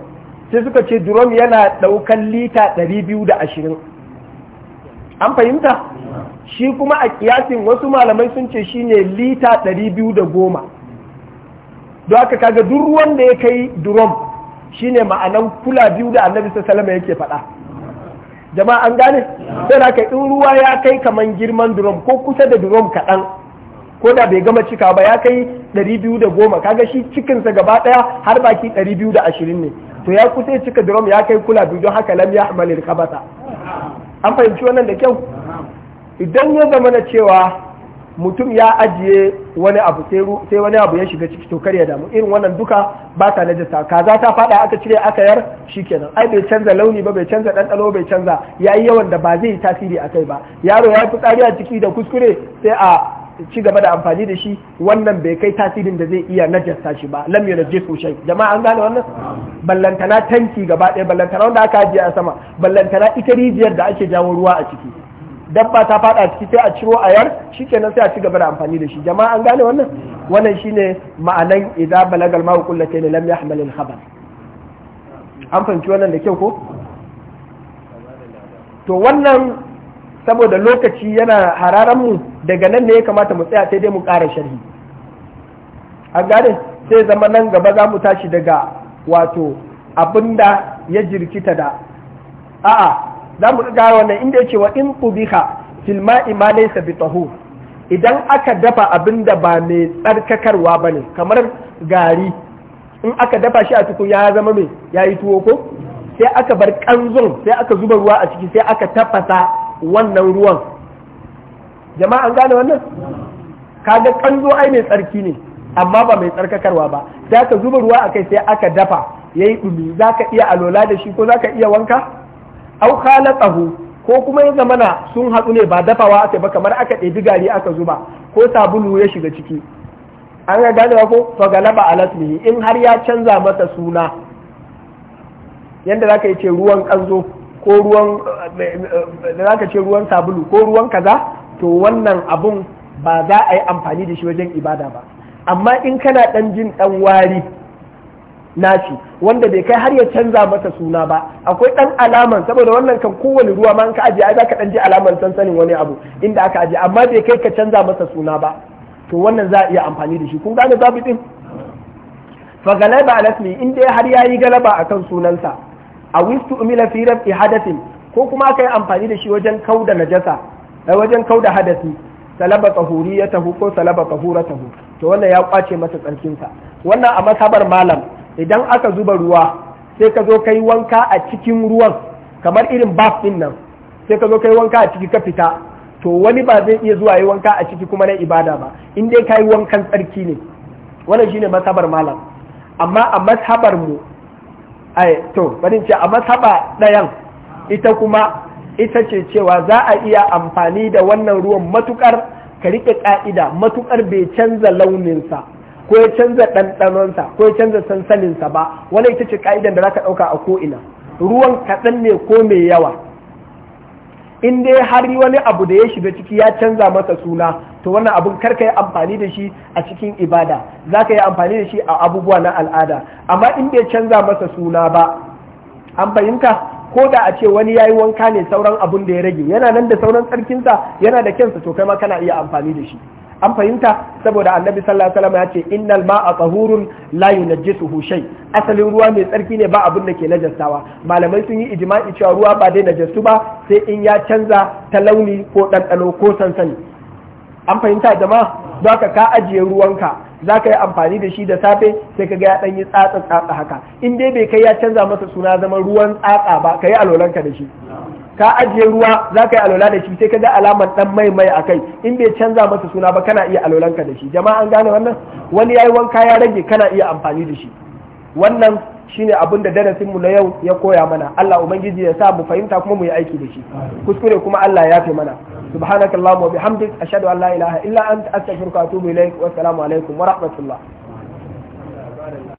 sai suka ce drum yana ɗaukan lita ashirin. an fahimta shi kuma a kiyasin wasu malamai sun ce shi ne lita goma. don haka kaga duk ruwan da ya kai drum shine ma'anan kula biyu da annabi salama yake faɗa jama'a an gane sai da in ruwa ya kai kaman girman drum ko kusa da drum kaɗan ko da bai gama cika ba ya kai 210 kaga shi cikinsa gaba ɗaya har baki 220 ne to ya kusa ya cika drum ya kai kula biyu don haka lam ya al khabata an fahimci wannan da kyau idan ya zama na cewa mutum ya ajiye wani abu sai wani abu ya shiga ciki to kar ya damu irin wannan duka ba ta najasa kaza ta fada aka cire aka yar shikenan ai bai canza launi ba bai canza ɗanɗano bai canza yayi yawan da ba zai yi tasiri akai ba yaro ya fi tsari a ciki da kuskure sai a ci gaba da amfani da shi wannan bai kai tasirin da zai iya najasta shi ba lam yana jefu shai jama'a an gane wannan ballantana tanki gaba ɗaya ballantana wanda aka ajiye a sama ballantana ita rijiyar da ake jawo ruwa a ciki dabba ta fada ciki sai a ciro ayar shikenan sai a ci gaba da amfani da shi jama'a an gane wannan wannan shine ma'anan idza balagal ma'u qullatayn lam yahmal al khabar an fahimci wannan da kyau ko to wannan saboda lokaci yana hararan mu daga nan ne ya kamata mu tsaya sai dai mu ƙara sharhi A gane sai zama nan gaba za mu tashi daga wato abinda ya jirkita da a'a za mu ga wannan inda yake wa in qubiha fil ma'i ma laysa idan aka dafa abin da ba mai tsarkakarwa ba ne kamar gari in aka dafa shi a tukun ya zama mai ya yi tuwo ko sai aka bar kanzon sai aka zuba ruwa a ciki sai aka tafasa wannan ruwan jama'a an gane wannan kaga kanzo ai mai tsarki ne amma ba mai tsarkakarwa ba za ka zuba ruwa a kai sai aka dafa ya yi ɗumi za ka iya alola da shi ko za ka iya wanka au khalaqahu ko kuma ya zamana sun haɗu ne ba dafawa aka ba kamar aka ɗebi gari aka zuba ko sabulu ya shiga ciki an ga gane ko fagalaba alasmihi in har ya canza masa suna yanda za ka yi ce ruwan kanzo ko ruwan da ka ce ruwan sabulu ko ruwan kaza to wannan abun ba za a yi amfani da shi wajen ibada ba amma in kana dan jin dan wari nashi wanda bai kai har ya canza masa suna ba akwai dan alaman saboda wannan kan kowane ruwa ma ka aje ai zaka dan ji alaman sansanin wani abu inda aka aje amma bai kai ka canza masa suna ba to wannan za a iya amfani da shi kun gane zabi din fa galaba alasmi in dai har yayi galaba akan sunansa a wistu umila fi rafi hadasin ko kuma aka yi amfani da shi wajen kauda najasa eh, wajen kauda hadasi salaba tahu ko salaba tahu to wannan ya kwace masa tsarkinsa wannan a masabar malam idan aka zuba ruwa sai ka zo kai wanka a cikin ruwan kamar irin baf din nan sai ka zo kai wanka a ciki ka fita to wani ba zai iya zuwa yi wanka a ciki kuma na ibada ba in dai kai wankan tsarki ne wannan shine masabar malam amma a masabar mu ai to bari ce a masaba ɗayan ita kuma ita ce cewa za a iya amfani da wannan ruwan matukar ka riƙe ƙa'ida matukar bai canza launinsa ko ya canza ɗanɗanonsa ko ya canza sansaninsa ba wani ita ce ka'idan da za ka ɗauka a ko'ina ruwan kaɗan ne ko mai yawa in dai har wani abu da ya shiga ciki ya canza masa suna to wannan abun kar ka yi amfani da shi a cikin ibada za ka yi amfani da shi a abubuwa na al'ada amma in bai canza masa suna ba an fahimta ko da a ce wani yayi wanka ne sauran abun da ya rage yana nan da sauran tsarkinsa yana da kyansa to kai ma kana iya amfani da shi an fahimta saboda annabi sallallahu alaihi wasallam ya ce innal ma'a tahurun la yunajjisuhu shay asalin ruwa mai tsarki ne ba abin da ke najastawa malamai sun yi ijma'i cewa ruwa ba dai najastu ba sai in ya canza ta launi ko ɗanɗano ko sansani an fahimta jama'a don haka ka ajiye ruwanka za ka yi amfani da shi da safe sai ka ga ya ɗanyi tsatsa tsatsa haka in dai bai kai ya canza masa suna zama ruwan tsatsa ba ka yi alolanka da shi ka ajiye ruwa za ka yi alola da shi sai ka ga alamar ɗan mai mai a kai in bai canza masa suna ba kana iya alolanka da shi jama'a an gane wannan wani yi wanka ya rage kana iya amfani da shi wannan shine abin da darasin mu na yau ya koya mana Allah ubangiji ya sa mu fahimta kuma mu yi aiki da shi kuskure kuma Allah ya fi mana subhanakallahumma wa bihamdik ashhadu an la ilaha illa anta astaghfiruka wa atubu ilaik wa alaikum wa rahmatullah